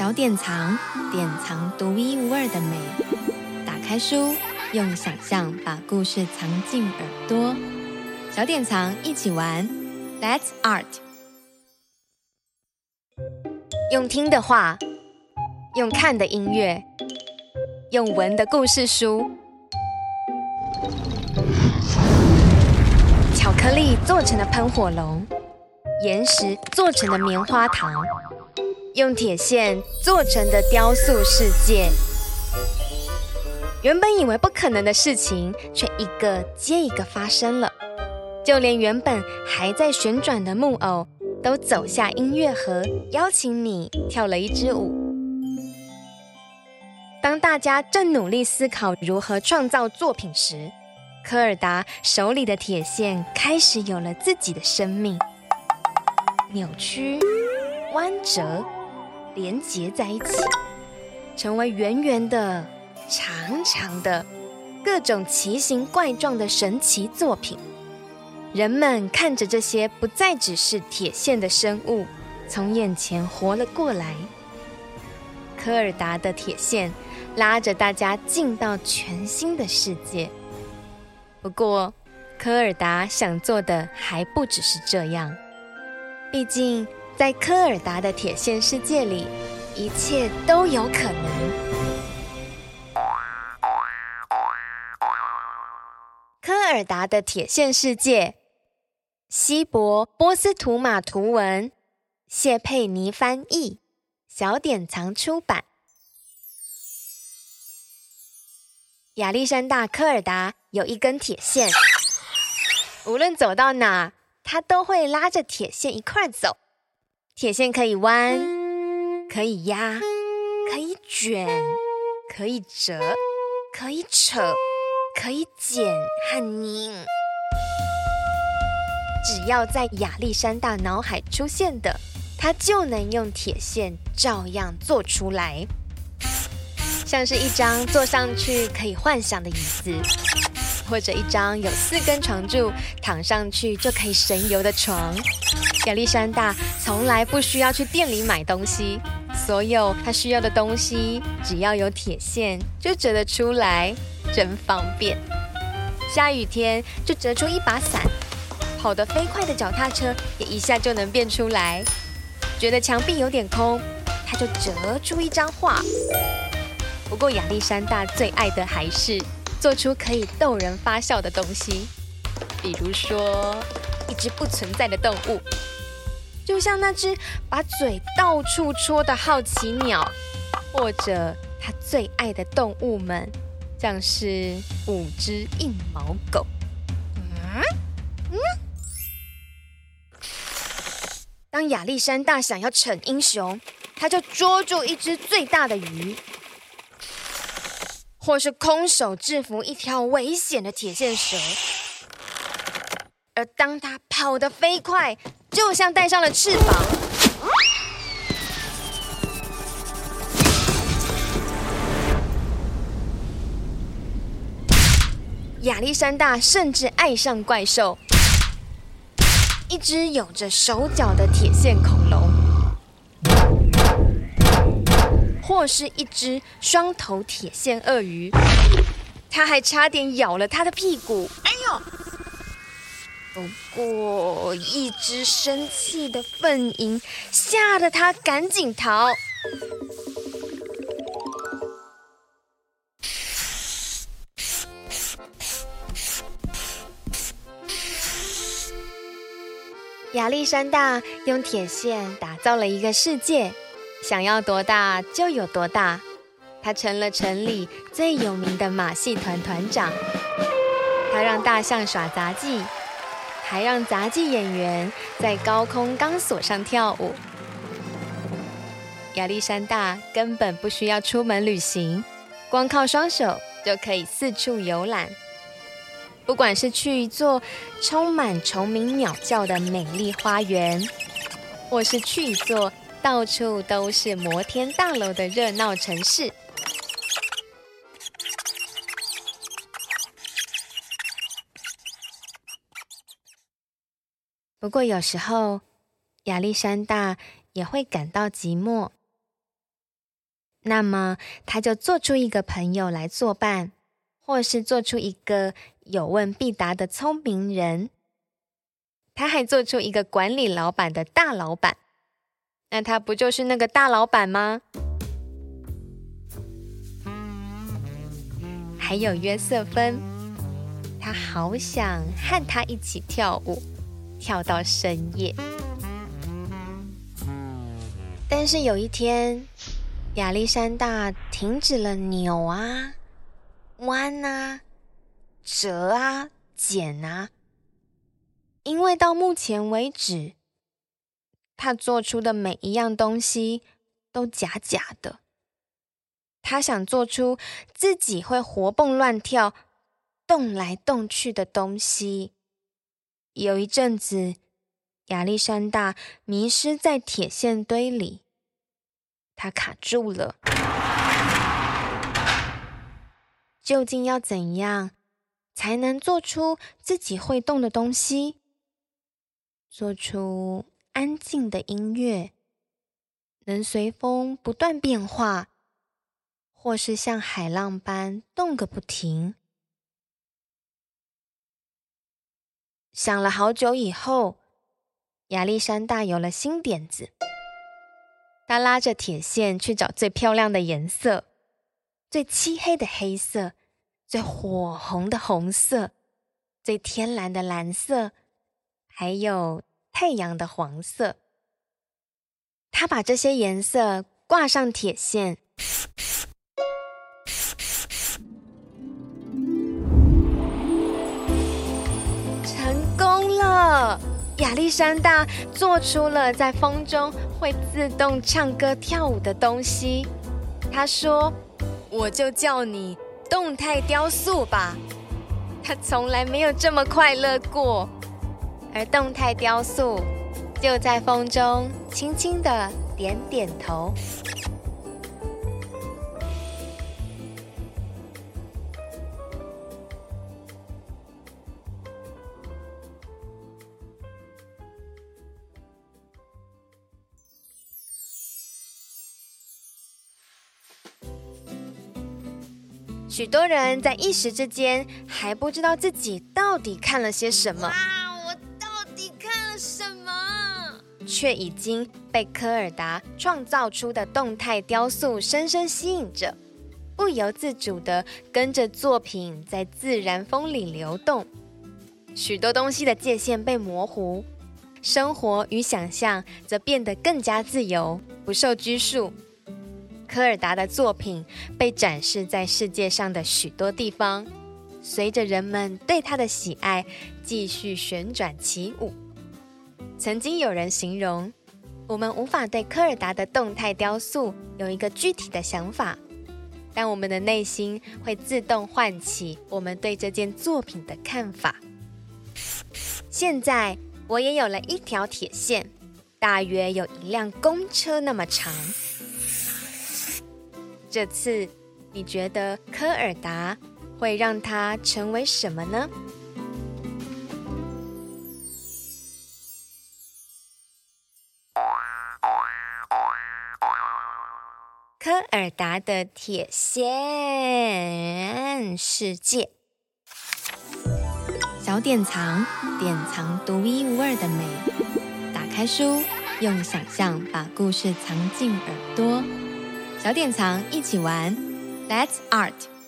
小典藏，典藏獨一無二的美。打開書，用想象把故事藏進耳朵。小典藏，一起玩，Let's Art。用聽的話，用看的音樂，用聞的故事書。巧克力做成的噴火龍，岩石做成的棉花糖。用鐵線做成的雕塑世界，原本以為不可能的事情，卻一個接一個發生了。就連原本還在旋轉的木偶，都走下音樂盒，邀請你跳了一支舞。當大家正努力思考如何創造作品時，柯爾達手裡的鐵線開始有了自己的生命，扭曲、彎折。連結在一起，成為圓圓的、長長的、各種奇形怪狀的神奇作品。人們看着這些不再只是鐵線的生物，從眼前活了過來。柯爾達的鐵線拉着大家進到全新的世界。不過，柯爾達想做的還不只是這樣，畢竟。在柯爾達的鐵線世界裡，一切都有可能。柯爾達的鐵線世界，希伯波思圖瑪圖文，謝佩霓翻譯，小典藏出版。亞歷山大柯爾達有一根鐵線，無論走到哪，他都會拉着鐵線一塊兒走。鐵線可以彎，可以壓，可以捲，可以折，可以扯，可以剪和擰。只要在亞歷山大腦海出現的，他就能用鐵線照樣做出來，像是一張坐上去可以幻想的椅子。或者一張有四根床柱，躺上去就可以神遊的床。亞歷山大從來不需要去店裡買東西，所有他需要的東西，只要有鐵線就折得出來，真方便。下雨天就折出一把傘，跑得飛快的腳踏車也一下就能變出來。覺得牆壁有點空，他就折出一張畫。不過亞歷山大最愛的還是，做出可以逗人發笑的東西，比如說一隻不存在的動物，就像那隻把嘴到處戳的好奇鳥，或者他最愛的動物們，像是五隻硬毛狗。嗯嗯，當亞歷山大想要逞英雄，他就捉住一隻最大的魚。或是空手制服一條危險的鐵線蛇，而當他跑得飛快，就像戴上了翅膀，亞歷山大甚至愛上怪獸——一只有着手腳的鐵線恐龍。或是一隻雙頭鐵線鱷魚，他還差點咬了他的屁股。哎呦！不過一隻生氣的糞蠅嚇得他趕緊逃。亞歷山大用鐵線打造了一個世界。想要多大就有多大，他成了城裡最有名的馬戲團團長。他讓大象耍雜技，還讓雜技演員在高空鋼索上跳舞。亞歷山大根本不需要出門旅行，光靠雙手就可以四處遊覽。不管是去一座充滿蟲鳴鳥叫的美麗花園，或是去一座。到處都是摩天大樓的熱鬧城市。不過有時候亞歷山大也會感到寂寞，那麼他就做出一個朋友來作伴，或是做出一個有問必答的聰明人。他還做出一個管理老板的大老板。那他不就是那個大老板嗎？還有約瑟芬，他好想和他一起跳舞，跳到深夜。但是有一天，亞歷山大停止了扭啊、彎啊、折啊、剪啊，因為到目前為止，他做出的每一樣東西都假假的。他想做出自己會活蹦亂跳、動來動去的東西。有一陣子，亞歷山大迷失在鐵線堆裡，他卡住了。究竟要怎樣才能做出自己會動的東西？做出。安靜的音樂能隨風不斷變化，或是像海浪般動個不停。 想了好久以後，亞歷山大有了新點子。他拉着鐵線去找最漂亮的顏色，最漆黑的黑色，最火紅的紅色，最天藍的藍色，還有。太陽的黃色，他把這些顏色掛上鐵線，成功了。亞歷山大做出了在風中會自動唱歌跳舞的東西。他說：“我就叫你動態雕塑吧。”他從來沒有這麼快樂過。而動態雕塑就在風中輕輕的點點頭。許多人在一時之間還不知道自己到底看了些什麼，卻已經被柯爾達創造出的動態雕塑深深吸引着，不由自主地跟着作品在自然風裡流動。許多東西的界限被模糊，生活與想象則變得更加自由，不受拘束。柯爾達的作品被展示在世界上的許多地方，隨着人們對他的喜愛，繼續旋轉起舞。曾經有人形容，我們無法對柯爾達的動態雕塑有一個具體的想法，但我們的內心會自動喚起我們對這件作品的看法。現在我也有了一條鐵線，大約有一輛公車那麼長。這次你覺得柯爾達會讓它成為什麼呢？爾達的鐵線世界，小典藏，典藏獨一無二的美。打開書，用想象把故事藏進耳朵。小典藏，一起玩，That's Art。